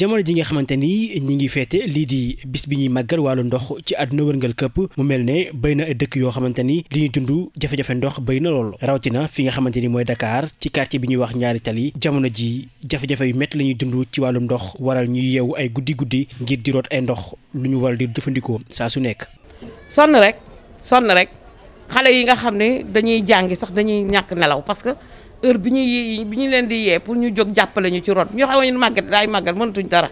jamono ji nga xamante ni ñi ngi feete lii di bis bi ñuy màggal wàllu ndox ci àdduna wërngal këpp mu mel ne béy na dëkk yoo xamante ni li ñuy dund jafe-jafe ndox béy na lool rawatina fi nga xamante ni mooy dakaar ci quartier bi ñuy wax ñaari tali jamono ji jafe-jafe yu métti la ñuy dund ci wàllu ndox waral ñuy yeewu ay guddi guddi ngir di root ay ndox lu ñu waral di dëfandikoo saa su nekk. sonn rek sonn rek xale yi nga xam ne dañuy jàngi sax dañuy ñàkk nelaw parce que heure bi ñuy bi ñu leen di yee pour ñu jóg jàppale ñu ci root ñu xaw ñu màgget daay màggat mënatuñ dara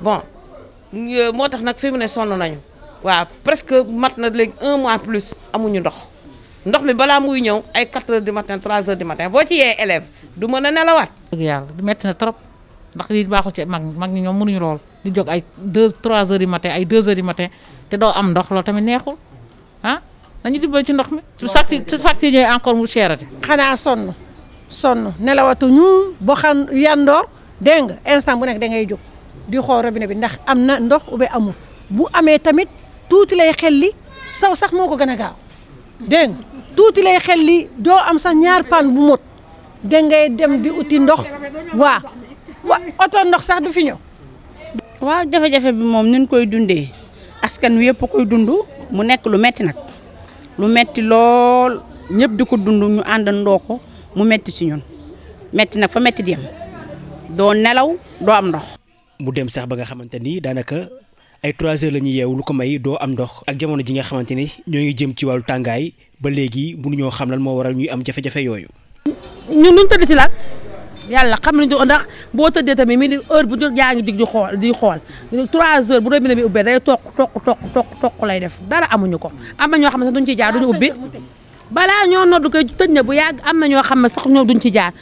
bon euh, moo tax nag fi mu ne sonn nañu waa presque mat na léegi un mois plus amuñu ndox ndox mi balaa muy ñëw ay 4 heures du matin 3 heures du matin boo ci yee élève du mën a nelawaat. dëgg yàlla metti na trop ndax lii baaxul ci mag mag ñi ñoom ñu lool di jóg ay 2 trois heures du matin ay 2 heures du matin te doo am ndox loolu tamit neexul ah nañu dimbali ci ndox mi. su facture su facture ñooy encore mu cherati. xanaa sonn. sonn nelawatuñu boo xam yandoor dégg nga instant bu nekk da ngay jóg di xool robinet bi ndax am na ndox ube amul bu amee tamit tuuti lay xelli saw sax moo ko gën a gaaw dégg tuuti lay xel li doo am sax ñaar paan bu mot da ngay dem di uti ndox waa wa oto ndox sax du fi ñëw. waaw jafe-jafe bi moom ñu koy dundee askan wi yëpp koy dund mu nekk lu metti nag lu metti lool ñëpp di ko dund ñu àndandoo ko. mu metti si ñun metti nag fa metti di doo nelaw doo am ndox. mu dem sax ba nga xamante ni daanaka ay 3 heures la ñuy yeew lu ko may doo am ndox. ak jamono ji nga xamante ni ñoo ngi jëm ci wàllu tàngaay ba léegi mënuñoo xam lan moo waral ñuy am jafe-jafe yooyu. ñun ñu tëdd ci laal yàlla xam nañu ndax boo tëddee tamit mi heure bu ñu yaa ngi dig di xool di xool 3 heures bu robinet bi ubbee day toq toq toq toq toq lay def dara amuñu ko am na ñoo xam ne sax ciy jaar duñu ubbi. balaa ñoo noddu koy tëj na bu yàgg am na ñoo xam ne sax ñoo duñ ci jaar.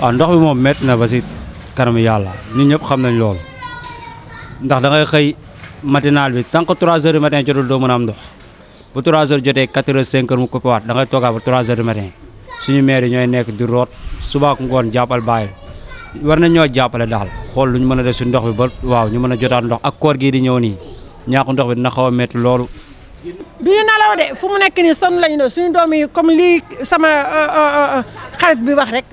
waaw ndox bi moom métti na ba si kanamu yàlla ñun ñëpp xam nañ loolu ndax da ngay xëy matinal bi tant que 3 heures du matin jotul doo mën am ndox bu 3 heures jotee 4 heures 5 heures mu coupé waat da ngay toogaa ba 3 heures du matin suñu maire ñooy nekk di root suba ngoon jàppal bàyyi war nañ ñoo jàppale daal xool lu ñu mën a def si ndox bi ba waaw ñu mën a jotaat ndox ak koor gii di ñëw nii ñaaku du ñu nalaw de fu mu nekk nii sonn lañu ne suñu doom comme lii sama euh, euh, euh, xarit bi wax rek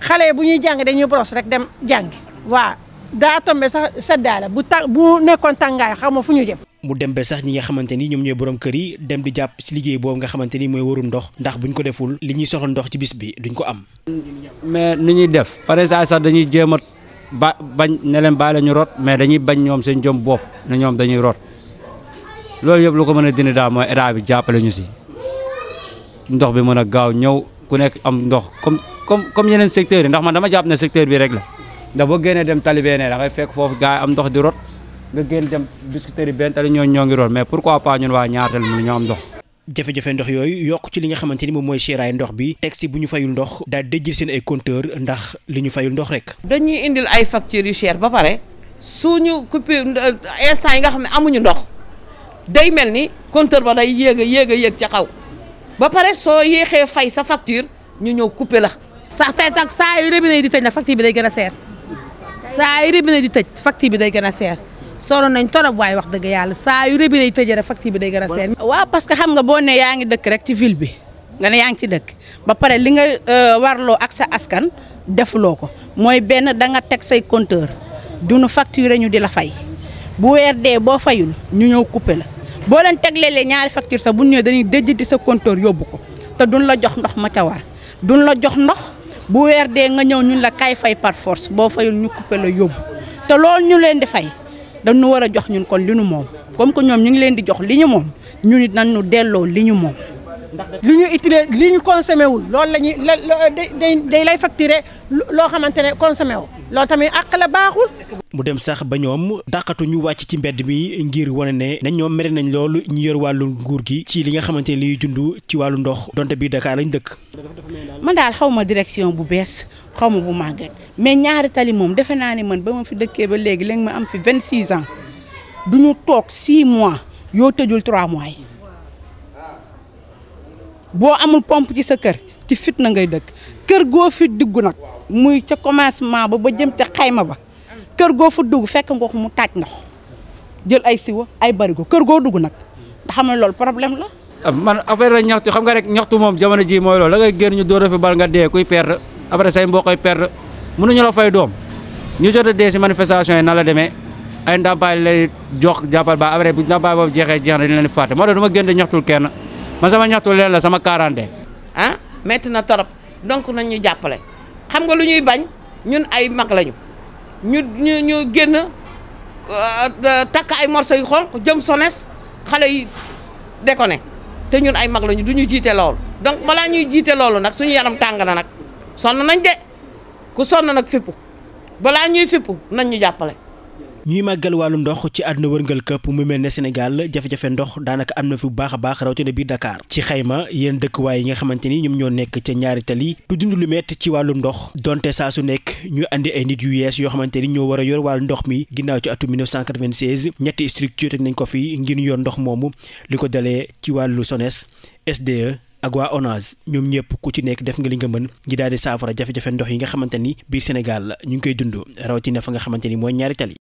xale bu ñuy jàng dañuy boros rek dem jàngi waa daa tombe sax seddaa la bu ta bu nekkoon tàngaay xam nga fu ñu jëm. mu dem be sax ñi nga xamante ni ñoom ñooy borom kër yi dem di jàpp ci liggéey boobu nga xamante ni mooy warul ndox ndax buñ ko deful li ñuy soxla ndox ci bis bi duñ ko am. mais ni ñuy def par exemple sax dañuy jéem a ba bañ ne leen bàyyi la ñu mais dañuy bañ ñoom seen jom bopp ne ñoom dañuy rot. loolu yëpp lu ko mën a dindi daal mooy état bi jàppale ñu si ndox bi mën a gaaw ñëw ku nekk am ndox comme comme comme yeneen secteurs yi ndax man dama jàpp na secteur bi rek la ndax boo génnee dem talibé ne da fekk foofu gaa yi am ndox di rot nga génn dem biscuiterie benn tali ñoo ñoo ngi rot mais pourquoi pas ñun waa ñaareel mu ñoo am ndox. jafe-jafe ndox yooyu yokk ci li nga xamante ni moom mooy seeraay ndox bi teg si bu ñu fayul ndox daal dëjjil seen ay compteur ndax li ñu fayul ndox rek. dañuy indil ay factures yu cher ba pare suñu coupé instant yi nga xam ne amuñu ndox day mel ni compteur ba day yéeg a yéeg a yéeg ci xaw ba pare soo yéexee fay sa facture ñu ñëw couper la. sax tey saa yu robinet di tëj na facture bi day gën a seer saa yu robinet di tëj facture bi day gën a seer sonn nañ torop waaye wax dëgg yàlla saa yu robinet yi tëjee rek facture bi day gën a seer. waaw parce que xam nga boo nee yaa ngi dëkk rek ci ville bi nga ne yaa ngi ci dëkk ba pare li nga euh, warloo ak sa askan defuloo ko mooy benn da nga teg say compteur duñu facturer ñu di la fay bu weer dee boo fayul ñu ñëw couper la. boo leen tegleelee ñaari facture sax bu ñu ñëwee dañuy déjjati sa compteur yóbbu ko te duñ la jox ndox ma ca war duñ la jox ndox bu weer dee nga ñëw ñun la kay fay par force boo fayul ñu coupé la yóbbu te loolu ñu leen di fay dañu war a jox ñun kon li nu moom comme que ñoom ñu ngi leen di jox li ñu moom ñu nit nañu delloo li ñu moom. lu ñu utilisé li ñu consommé wul loolu la ñuy la day day lay facturé loo xamante ne consommé wu loolu tamit àq la baaxul. mu dem sax ba ñoom dàqatu ñu wàcc ci mbedd mi ngir wane ne nañ ñoom mere nañ loolu ñu yor wàllu nguur gi ci li nga xamante ne liy jund ci wàllu ndox donte bii Dakar lañ dëkk. man daal xaw ma direction bu bees xaw ma bu màgget mais ñaari tali moom defe naa ne man ba ma fi dëkkee ba léegi léegi ma am fi vingt 26 ans du ñu toog 6 mois yoo tëjul 3 mois boo amul pompe ci sa kër ci na ngay dëkk kër goo fi dugg nag muy ca commencement ba ba jëm ca xayma ba kër goo fa dugg fekk nga ko mu taaj ndox jël ay siwa ay barigo kër goo dugg nag nga xam ne loolu problème la. Ah, man affaire la ñaxtu xam nga rek ñaxtu moom jamono ji mooy loolu la ngay génn ñu dóor fi bal nga dee kuy perte après say mbokk koy perte mënuñu la fay doom ñu jot a dee si manifestation yi nan la demee ay ndàmpaay lay jox jàppal ba après bu ndàmpaay boobu jeexee jeex na dina leen fàtte moo tax du ma man sama ñaxtu leen la sama kaaraande. ah metti na torop donc nañ ñu jàppale xam nga lu ñuy bañ ñun ay mag lañu ñu ñu ñu génn euh, takk ay morceau yu xonq jëm sones xale yi déconné te ñun ay mag lañu du ñu jiite loolu. donc balaa ñuy jiite loolu nag suñu yaram tàng na nag sonn nañ de ku sonn nag fippu balaa ñuy fippu nañ ñu jàppale. ñuy màggal wàllu ndox ci àdduna wërngal këpp mu mel ne Sénégal jafe-jafe ndox daanaka am na fi bu baax a baax rawatina biir Dakar ci xayma yéen dëkkuwaay yi nga xamante ni ñoom ñoo nekk ca ñaari tali du dund lu metti ci wàllum ndox donte saa su nekk ñu andi ay nit yu yees yoo xamante ni ñoo war a yor wàllu ndox mi ginnaaw ci atum 1996 ñetti structure teg nañ ko fi ngir yor ndox moomu li ko dalee ci wàllu SONES SDE ak waa ONAS ñoom ñëpp ku ci nekk def nga li nga mën ngi daal di saafara jafe-jafe ndox yi nga xamante ni biir Sénégal ñu ngi koy dund rawatina fa nga xamante ni mooy ñaari tali